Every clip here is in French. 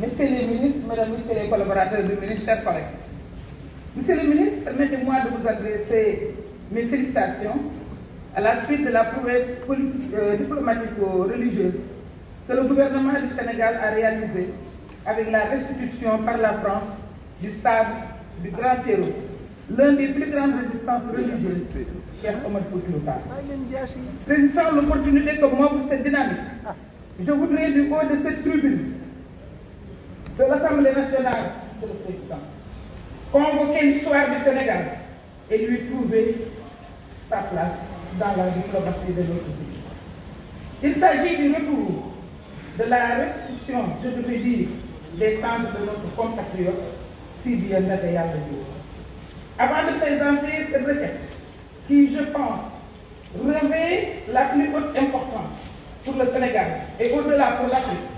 Messieurs les ministres, Mesdames, Messieurs les collaborateurs du ministère, collègues. Monsieur le ministre, permettez-moi de vous adresser mes félicitations à la suite de la promesse euh, diplomatique diplomatico-religieuse que le gouvernement du Sénégal a réalisée avec la restitution par la France du sable du Grand Pérou, l'un des plus grandes résistances religieuses, cher Omar Foutuouka. Saisissant l'opportunité que m'offre cette dynamique, je voudrais du haut de cette tribune de l'Assemblée nationale, c'est le président. Convoquer l'histoire du Sénégal et lui trouver sa place dans la diplomatie de notre pays. Il s'agit du retour de la restitution, je devais dire, des centres de notre compatriote Sylvia Nadeyal de Avant de présenter ce prétexte, qui, je pense, revêt la plus haute importance pour le Sénégal et au-delà pour l'Afrique,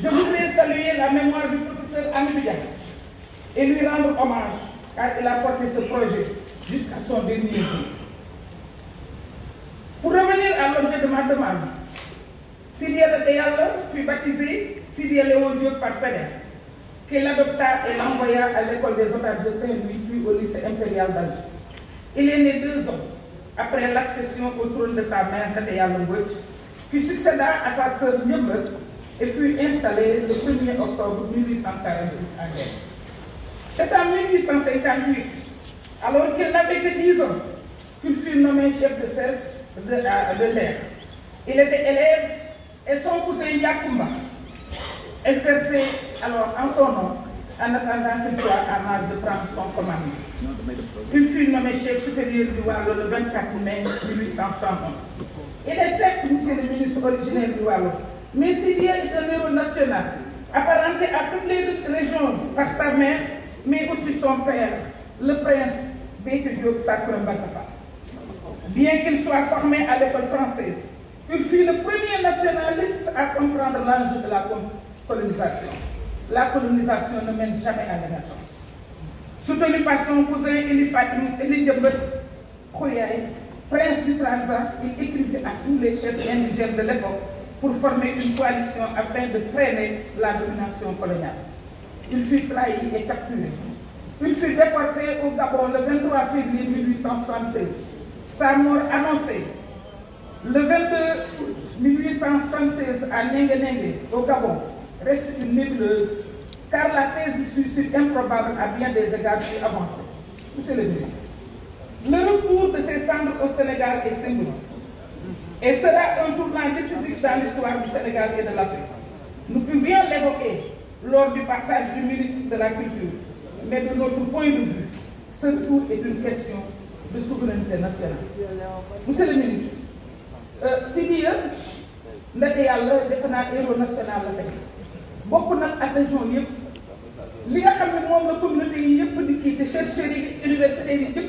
je voudrais saluer la mémoire du professeur Amidia et lui rendre hommage car il a porté ce projet jusqu'à son dernier jour. Pour revenir à l'objet de ma demande, Sidia de fut baptisé Sylvia Léon Dieu par Feder, qu'il adopta et l'envoya à l'école des otages de Saint-Louis puis au lycée impérial d'Alger. Il est né deux ans après l'accession au trône de sa mère Katéa Longouch, qui succéda à sa sœur Nyembet et fut installé le 1er octobre 1848 à guerre. C'est en 1858, alors qu'il n'avait que 10 ans, qu'il fut nommé chef de cercle de, l'air. Euh, Il était élève et son cousin Yakumba exerçait alors en son nom en attendant qu'il soit à de prendre son commandement. Il fut nommé chef supérieur du wallon le 24 mai 1861. Il est certes, monsieur le ministre, originaire du wallon, mais s'il y un héros national, apparenté à toutes les régions par sa mère, mais aussi son père, le prince Béthi-Diop Sakurambakapa. Bien qu'il soit formé à l'école française, il fut le premier nationaliste à comprendre l'enjeu de la colonisation. La colonisation ne mène jamais à l'émergence. Soutenu par son cousin Elie Fatim, Elie prince du Transat, il écrivait à tous les chefs indigènes de l'époque pour former une coalition afin de freiner la domination coloniale. Il fut trahi et capturé. Il fut déporté au Gabon le 23 février 1876. Sa mort annoncée le 22 1876 à Nyengenenge, au Gabon, reste une nébuleuse car la thèse du suicide improbable a bien des égards avancés. Monsieur le ministre, le retour de ces cendres au Sénégal est singulier. Et cela sera un tournant décisif dans l'histoire du Sénégal et de l'Afrique. Nous pouvons bien l'évoquer lors du passage du ministre de la Culture, mais de notre point de vue, ce tour est une question de souveraineté nationale. Monsieur le ministre, euh, si Dieu, n'était yàlla defe naa héros national la tey bokk nag ak région li nga xam la communauté yi di chercheurs universitaires université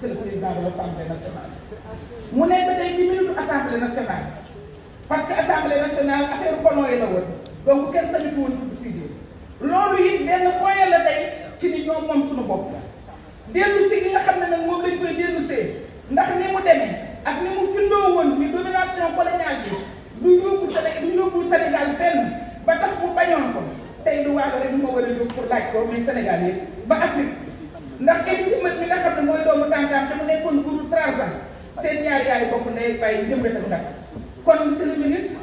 c'est le président de l'Assemblée nationale mu nekk tey ci minute Assemblée nationale parce que Assemblée nationale affaire colon yi la woon donc kenn sañu fi woon tudd Sidy loolu it benn point la tey ci ni ñoom moom suñu bopp dellu si li nga xam ne nag moom lañ koy dellu see ndax ni mu demee ak ni mu findoo woon ni domination coloniale bi du yóbbu Sénégal du yóbbu Sénégal fenn ba tax mu tey du waalo rek mu ma war a yóbbu pour laaj ko mais ba Afrique ndax ñaari yaay bokk ndey ak bàyyi ñëpp dafa ndàkk kon monsieur le ministre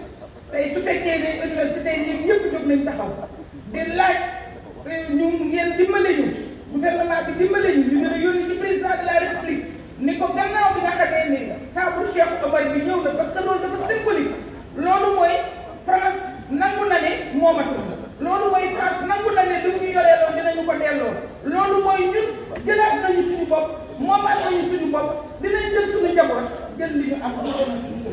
tey su fekkee ne université yi ñëpp jóg nañ taxaw di laaj ñu ngeen dimbale ñu gouvernement bi dimbale ñu ñu gën a yónni ci président de la république ni ko gannaaw bi nga xamee ni saabu Cheikh Omar bi ñëw na parce que loolu dafa symbolique loolu mooy France nangu na ne moomatul loolu mooy France nangu na ne li mu ñu yoree loon dinañu ko delloo loolu mooy ñun jëlaat nañu suñu bopp moomaat nañu suñu bopp dinañ jël suñu njaboot 跟你们合作。